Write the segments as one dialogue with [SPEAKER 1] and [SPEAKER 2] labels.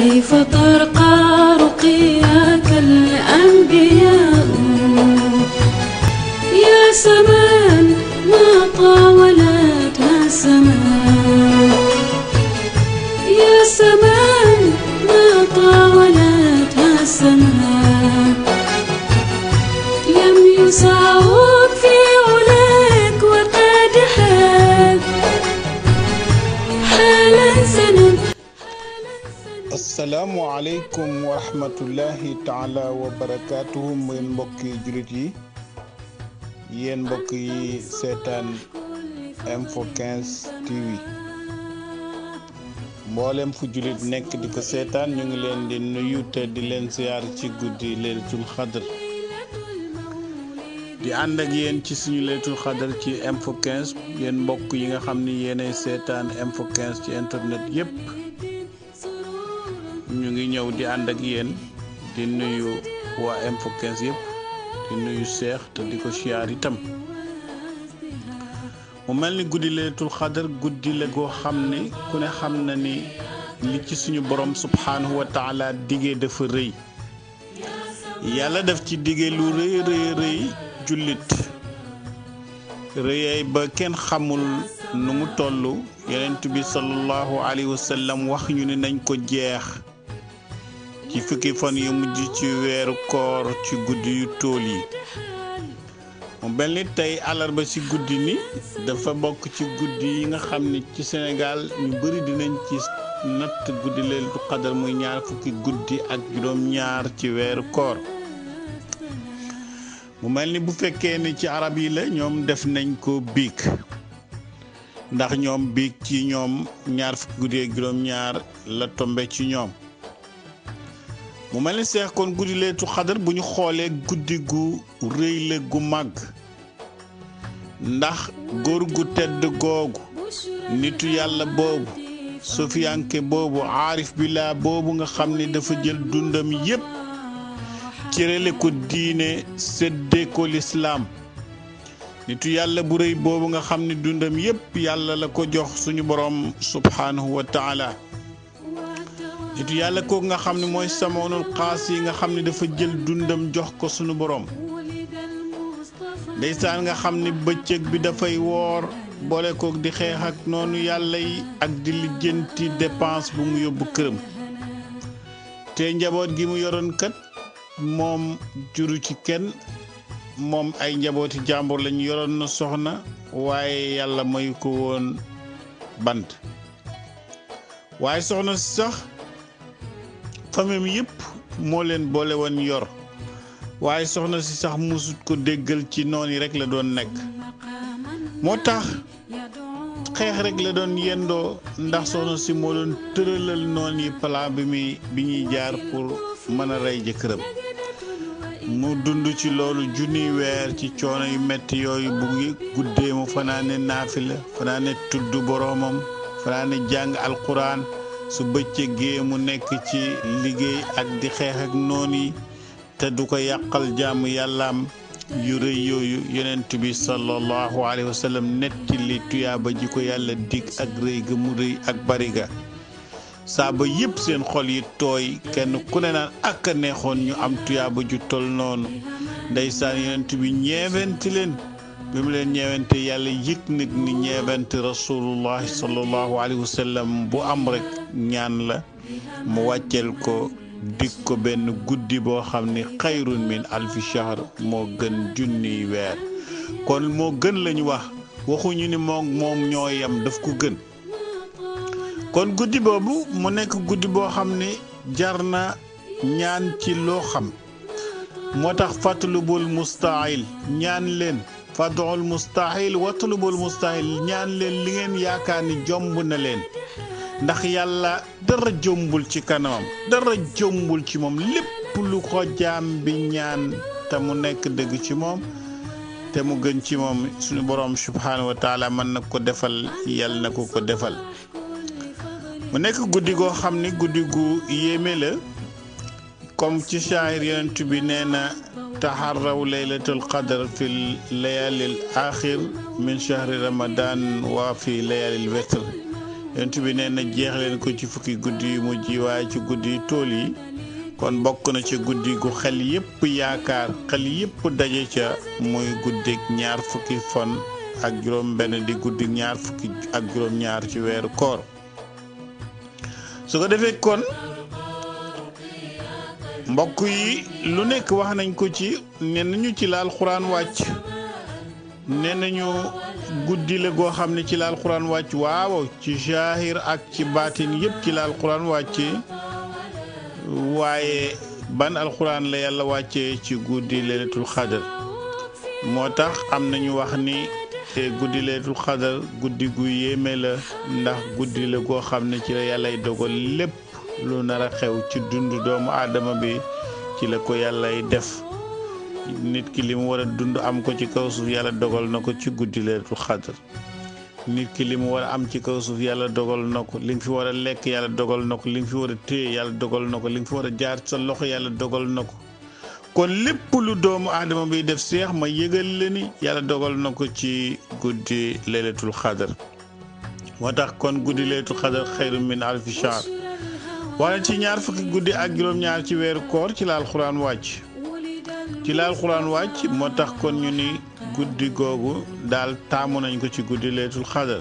[SPEAKER 1] كيف ترقى رقي asalaamualeykum wa rahmatullahi taala wa barakaatuhu yéen mbokki jullit yi yéen mbokk yi seetaan info TV mboolem fu jullit nekk di ko seetaan ñu ngi leen di nuyu te di leen siyaar ci guddi leelatul xadr di ànd ak yéen ci suñu leelatul xadr ci info 15 mbokk yi nga xam ni yéenay seetaan info ci internet yépp ñu ngi ñëw di ànd ak yéen di nuyu waa info 15 di nuyu seex te di ko siyaar itam mu mel ni guddi laylatul xadar guddi la goo xam ni ku ne xam na ni li ci suñu borom subhaanahu wa taala diggee dafa rëy yàlla def ci diggee lu rëy rëy jullit rëyaay ba kenn xamul nu mu tollu yonent bi sallallahu alayhi wa wax ñu ne nañ ko jeex ci fukki fan yu mujj ci weeru koor ci guddi yu tool yi mu mel ni tey àllarba ci guddi ni dafa bokk ci guddi yi nga xam ni ci Sénégal ñu bari dinañ ci natt guddi leelu xadar muy ñaar fukki guddi ak juróom ñaar ci weeru koor mu mel ni bu fekkee ni ci arab yi la ñoom def nañ ko biig ndax ñoom biig ci ñoom ñaar fukki guddi ak juróom ñaar la tombe ci ñoom mu mel ni seex kon guddi leetu xadar bu ñu xoolee guddi gu rëy gu màgg ndax góor gu tedd googu nitu yàlla boobu sofiyanke boobu aarif billah boobu nga xam ne dafa jël dundam yépp cërale ko diine séddee ko lislaam nitu yàlla bu rëy boobu nga xam ne dundam yépp yàlla la ko jox suñu boroom subhaanahu wa nitu yàlla kooku nga xam ne mooy samoonul xaas yi nga xam ne dafa jël dundam jox ko sunu boroom ndeysaan nga xam ne bëccëg bi dafay woor boole kook di xeex ak noonu yàlla yi ak di lijjanti dépense bu mu yóbbu këram te njaboot gi mu yoroon kat moom juru ci kenn moom ay njabooti jàmbur lañu yoroon na soxna waaye yàlla mayu ko woon bant waaye soxna sax famille mi yëpp moo leen boole woon yor waaye soxna si sax musut ko déggal ci noon yi rekk la doon nekk moo tax xeex rek la doon yendoo ndax soxna si moo doon tëralal noon yi plan bi muy bi ñuy jaar pour mën a rey jëkkëram mu dund ci loolu junni weer ci coono yu metti yooyu bu ngi guddee fanaane naafi la fanaane tudd boroomam fanaane jàng alquran su bëccëgee mu nekk ci liggéey ak di xeex ak noon te du ko yàqal jaamu yàllaam yu rëy yooyu yonent bi sallallahu alayhi wa sallam netti tuyaaba ji ko yàlla dig ak rëy ga mu rëy ak bari ga saaba yépp seen xol yi tooy kenn ku ne naan ak a neexoon ñu am tuyaaba ju tol noonu ndeysaan yonent bi ñeewenti bi mu leen ñeewante yàlla yëg nag ni ñeewante rasulullahi sallallahu alayhi wa bu am rek ñaan la mu wàcceel ko dig ko benn guddi boo xam ni xayrun min alfi moo gën junniy weer kon moo gën lañu wax waxuñu ni moom moom ñoo yem daf ko gën kon guddi boobu mu nekk guddi boo xam ni jar na ñaan ci loo xam moo tax fàttalubul mustaayil ñaan leen fad'u almustahil watlubul mustahil ñaan leen li ngeen yaakaar ni jomb na leen ndax yàlla dara jombul ci kanamam dara jombul ci moom lépp lu ko jaam bi ñaan te mu nekk dëgg ci moom te mu gën ci moom suñu borom subhanahu wa taala mën na ko defal yàlla na ko ko defal mu nekk guddi goo xam ni guddi gu yéeme la comme ci shaahir yonent bi nee na taxarraw laylatul qadr fi layalil axir min shahri ramadan waa fi layalil witr yonent bi nee na jeex ko ci fukki guddi yu mujj waaye ci guddi yu tool yi kon bokk na ci guddi gu xel yépp yaakaar xel yépp daje ca muy guddik ñaar fukki ak juróom benn di guddi ñaar fukki ak juróom ñaar ci weeru koor su ko defee kon mbokk yi lu nekk wax nañ ko ci ne nañu ci laal xuraan wàcc ne nañu guddi la goo xam ne ci laal xuraan wàcc waaw ci jaahir ak ci baatin yëpp ci laal xuraan wàcc waaye ban alxuraan la yàlla wàccee ci guddi leelatul xadar moo tax am na ñu wax ni guddi leelatul xadar guddi gu yéeme la ndax guddi la goo xam ne ci la yàllay dogal lépp lu nar a xew ci dund doomu aadama bi ci la ko yàllay def nit ki li mu war a dund am ko ci kaw suuf yàlla dogal na ko ci guddi leetu xadr nit ki li mu war a am ci kaw yàlla dogal na ko li nga fi war a lekk yàlla dogal na ko li nga fi war a téye yàlla dogal na ko li nga war a jaar sa loxo yàlla dogal na ko kon lépp lu doomu aadama biy def seex ma yëgal la ni yàlla dogal na ko ci guddi leelatul xadar moo tax kon guddi leelatul xadar xayru min alfi waaye ci ñaar fukki guddi ak juróom-ñaar ci weeru koor ci la alxuraan wàcc ci la alxuraan wàcc moo tax kon ñu ni guddi googu daal taamu nañu ko ci guddi leetul xadar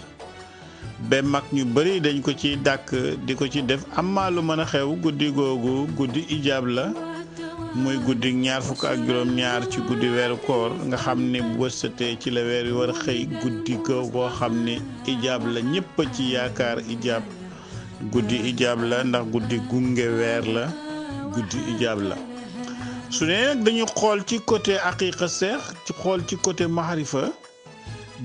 [SPEAKER 1] ba mag ñu bëri dañ ko ci dàkk di ko ci def amaa lu mën a xew guddi googu guddi ijaab la muy guddi ñaar fukk ak juróom-ñaar ci guddi weeru koor nga xam ne bu wësatee ci la weer wi war xëy guddi googu boo xam ne ijaab la ñëpp ci yaakaar ijaab guddi ijaab la ndax guddi gunge weer la guddi ijaab la su ne nag dañu xool ci côté aqiqa seex ci xool ci côté maxarifa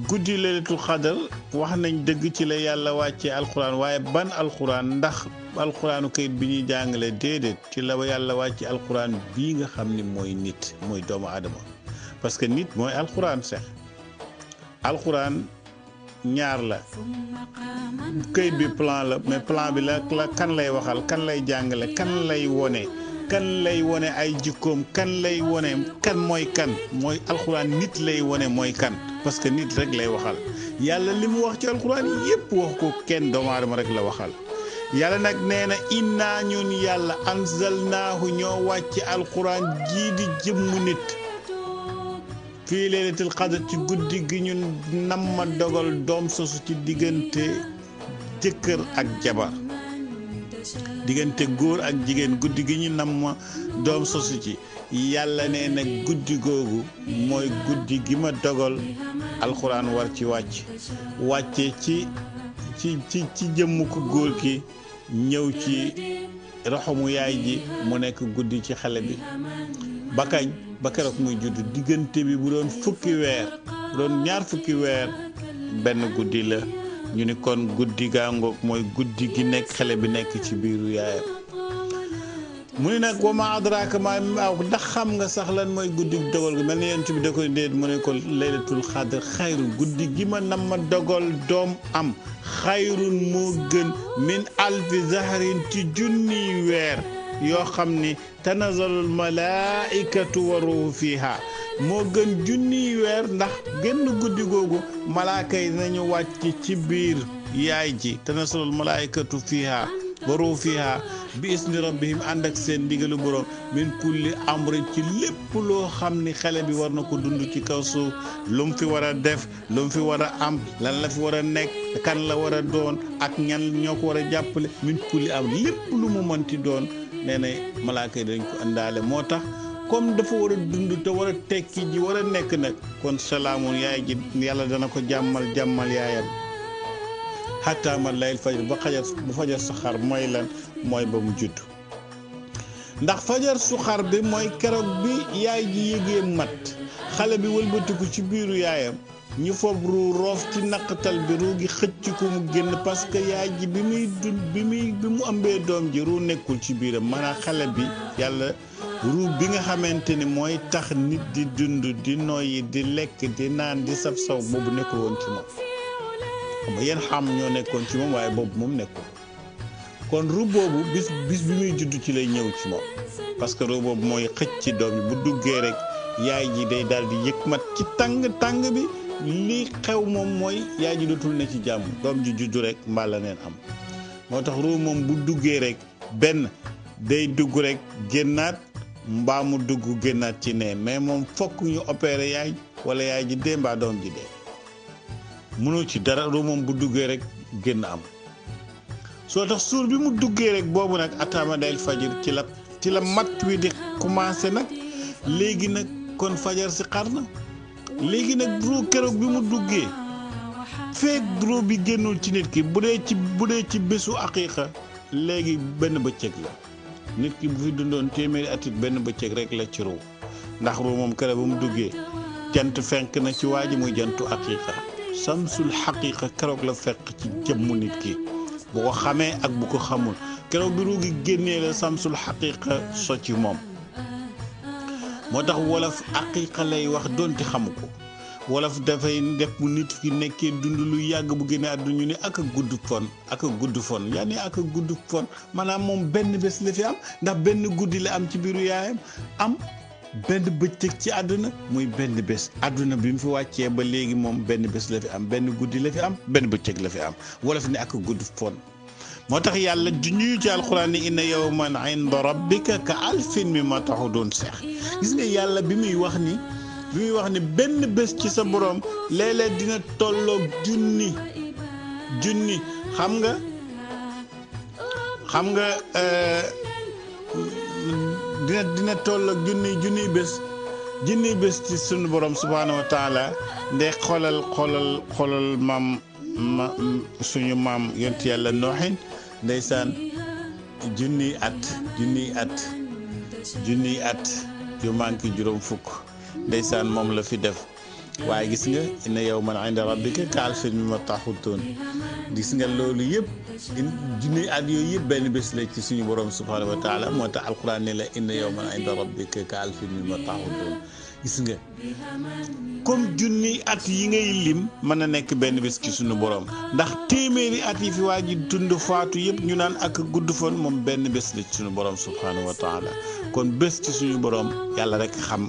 [SPEAKER 1] guddi laylatul xadar wax nañ dëgg ci la yàlla wàcce alxuraan waaye ban alxuraan ndax alxuraanu kayit bi ñuy jàngale déedéet ci la yàlla wàccee alxuraan bii nga xam ni mooy nit mooy doomu aadama parce que nit mooy alxuraan seex alxuraan ñaar la këyit bi plan la mais plan bi la kan lay waxal kan lay jàngale kan lay wone kan lay wone ay jikkoom kan lay wone kan mooy kan mooy alxuraan nit lay wone mooy kan parce que nit rek lay waxal yàlla li mu wax ci alxuraan yépp wax ko kenn doomu aadama rek la waxal yàlla nag nee na innaa ñun yàlla anzalnaahu ñoo wàcc alxuraan jii di jëmmu nit fii laylatul ci guddi gi ñu namma dogal doom sosu ci diggante jëkkër ak jabar diggante góor ak jigéen guddi gi ñu namma doom sosu ci yàlla nee na guddi googu mooy guddi gi ma dogal alxuraan war ci wàcc wàcce ci ci ci ci jëmm ku góor gi ñëw ci raxamu yaay ji mu nekk guddi ci xale bi ba keroog muy judd diggante bi bu doon fukki weer bu doon ñaar fukki weer benn guddi la ñu ni kon guddi gaangoog mooy guddi gi nekk xale bi nekk ci biiru yaayam mu ni nag wama adraka ma ndax xam nga sax lan mooy guddi dogal gi mel ni yonent bi da koy déet guddi gi ma nam ma dogal doom am xayrun moo gën min alfi zahrin ci junniy weer يخمني تنزل الملائكة وروه فيها مو جن جني وير نخ جن قدي قوغو ملائكة إذن يواتي تبير يايجي تنزل الملائكة فيها waru fiha bi isni rabbihim ànd ak seen ndigalu borom min kulli amrin ci lépp loo xam ni xale bi war na ko dund ci kaw suuf lu fi war a def lu fi war a am lan la fi war a nekk kan la war a doon ak ñan ñoo ko war a jàppale min kulli am lépp lu mu mënti doon nee na malaaka yi dañ ko àndaale moo tax comme dafa war a dund te war a tekki ji war a nekk nag kon salaamun yaay ji yàlla dana ko jàmmal jàmmal yaayam xataa ma layl fajar ba xajar bu fajar saxaar mooy lan mooy ba mu judd ndax fajar suxar bi mooy keroog bi yaay ji yégee mat xale bi wëlbatiku ci biiru yaayam ñi fob ruu roof ci naqatal bi ruu gi xëcc ko mu génn parce que yaay ji bi muy bi muy bi mu ëmbee doom ji ruu nekkul ci biiram maanaam xale bi yàlla ruu bi nga xamante ni mooy tax nit di dund di noyyi di lekk di naan di saf saw boobu nekkul woon ci moom xam nga yéen xam ñoo nekkoon ci moom waaye boobu moom nekkoon kon ruub boobu bis bi muy judd ci lay ñëw ci moom parce que ruub boobu mooy xëcc ci doom bu duggee rek yaay ji day daal di yëg mat ci tàng tàng bi li xew moom mooy yaay ji dootul ne ci jàmm doom ji juddu rek mbaa la neen am moo tax ruub moom bu duggee rek benn day dugg rek génnaat mbaa mu dugg génnaat ci nee mais moom fokk ñu opéré yaay wala yaay ji dee mbaa doom ji dee. mënoo ci dara lu moom bu duggee rek génn am soo tax suur bi mu duggee rek boobu nag ataama dayl fajir ci la ci la mat wi di commencé nag léegi nag kon fajar si xar na léegi nag bro keroog bi mu duggee feek bro bi génnul ci nit ki bu dee ci bu dee ci bésu aqiqa léegi benn bëccëg la nit ki bu fi dundoon téeméeri atit benn bëccëg rek la ci ruu ndax ruu moom keroog bi mu duggee jant fenk na ci waa ji muy jantu aqiqa samsul xaqiqa keroog la fekk ci jëmmu nit kii boo ko xamee ak bu ko xamul keroog bi ruugi génnee la samsul xaqiqa so ci moom moo tax wolof xaqiqa lay wax donte xamu ko wolof dafay def bu nit ki nekkee dund lu yàgg bu génnee àdduna ñu ne ak gudd fon ak gudd fon yaa ne ak gudd fon maanaam moom benn bés la fi am ndax benn guddi la am ci biiru yaayam am benn bëccëg ci àdduna muy benn bés àdduna bi mu fi wàccee ba léegi moom benn bés la fi am benn guddi la fi am benn bëccëg la fi am wolof ne ak gudd fon moo tax yàlla di ñuy ci alxuraan ni inna yawman inda rabbika ka alfin mi ma taxu doon seex gis nga yàlla bi muy wax ni bi muy wax ni benn bés ci sa borom léeg-léeg dina tolloog junni junni xam nga xam nga euh, dina dina toll ak junniy junniy bés junniy bés ci suñu borom subhaanahu wa taala nde xoolal xoolal maam ma suñu maam yont yàlla nooxin ndeysaan junniy at junniy at junniy at yu manqué juróom fukk ndeysaan moom la fi def waaye gis nga inna yawman inda rabbika ka alfi mimma taxutoon gis nga loolu yëpp junne at yooyu yëpp benn bés la ci suñu borom subhaanahu moo tax alquran ne la inna yawman inda rabbika ka alfi mimma taxutoon gis nga comme junni at yi ngay lim mën na nekk benn bés ci suñu borom ndax téeméeri at yi fi waa dund faatu yëpp ñu naan ak gudd fan moom benn bés la ci suñu borom subhaanahu wa taala kon bés ci suñu borom yàlla rek xam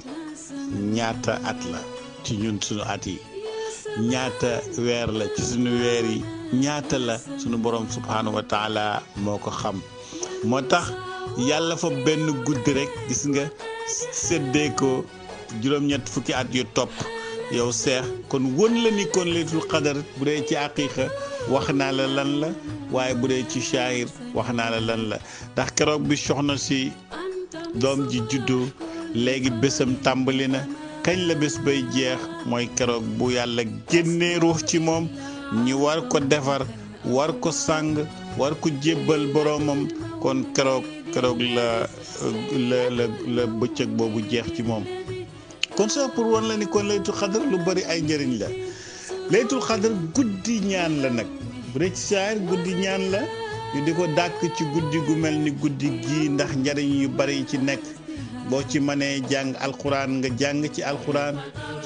[SPEAKER 1] ñaata at la. ci ñun suñu at yi ñaata weer la ci suñu weer yi ñaata la sunu borom subhaanahu wa taala moo ko xam moo tax yàlla fa benn guddi rekk gis nga séddee ko juróom-ñett fukki at yu topp yow seex kon won la ni kon laytul qadar bu dee ci aqiqa wax naa la lan la waaye bu dee ci shaahir wax naa la lan la ndax keroog bi soxna si doom ji juddu léegi bésam tàmbali na kañ la bés bay jeex mooy keroog bu yàlla génnee ruux ci moom ñi war ko defar war ko sàng war ko jébbal boroomam kon keroog keroog la la bëccëg boobu jeex ci moom kon sax pour woon la ni kon laytul xadar lu bari ay njëriñ la laytul xadar guddi ñaan la nag bu dee guddi ñaan la ñu di ko dàkk ci guddi gu mel ni guddi gii ndax njariñ yu bari ci nekk boo ci mënee jàng alxuraan nga jàng ci alxuraan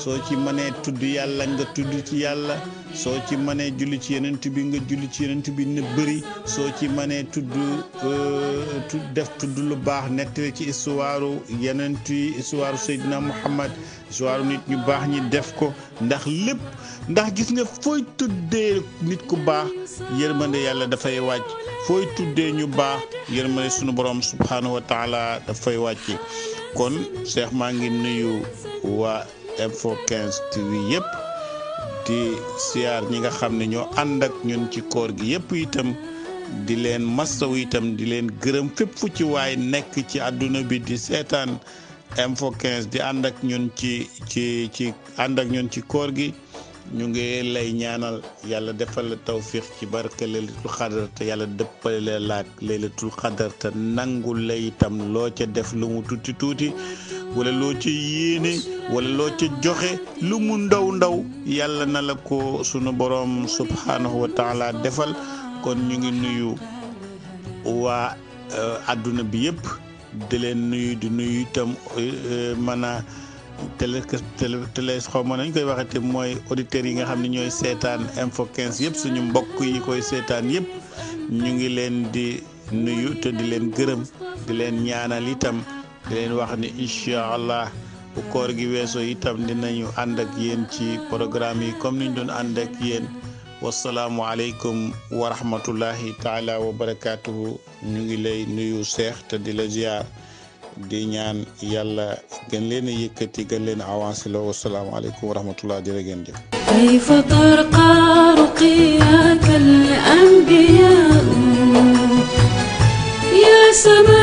[SPEAKER 1] soo ci mënee tudd yàlla nga tudd ci yàlla soo ci mënee julli ci yenent bi nga julli ci yenent bi ne bëri soo ci mënee euh, tudd def tudd lu baax nettali ci histoire yenent yi histoire Seydina Muhammad histoire nit ñu baax ñi def ko ndax lépp ndax gis nga fooy tuddee nit ku baax yërmande yàlla dafay wàcc fooy tuddee ñu baax yërmande suñu borom subhanahu wa taala dafay wàcc kon Cheikh maa ngi nuyu waa Info 15 TV yëpp. di siyaar ñi nga xam ne ñoo ànd ak ñun ci koor gi yépp itam di leen mastaw itam di leen gërëm fépp fu ci nekk ci àdduna bi di seetaan info 15 di ànd ak ñun ci ci ci ànd ak ñun ci koor gi ñu ngi lay ñaanal yàlla defal la tawfiix ci barke laylatul xadar yàlla dëppale la laak laylatul xadar te nangul itam loo ca def lu mu tuuti tuuti wala loo ca yéene walla loo ca joxe lu mu ndaw ndaw yàlla na la ko sunu borom subhanahu wa taala defal kon ñu ngi nuyu waa àdduna euh, bi yëpp di leen nuyu di nuyu itam euh, mën a télé télé xaw ma nañ koy waxati mooy auditeurs yi nga xam ne ñooy seetaan info 15 yëpp suñu mbokk yi koy seetaan yëpp ñu ngi leen di nuyu te di leen gërëm di leen ñaanal itam. di leen wax ni incha allah bu koor gi weesoo itam dinañu ànd ak yéen ci programme yi comme niñ doon ànd ak yéen wasalaamu aleykum wa rahmatullahi taala wa barakaatuhu ñu ngi lay nuyu seex te di la ziar di ñaan yàlla gën leen a yëkkati gën leen a avancé la wasalaamu aleykum wa rahmatullah jërë ngeen jëf كيف ترقى رقياك الأنبياء يا سماء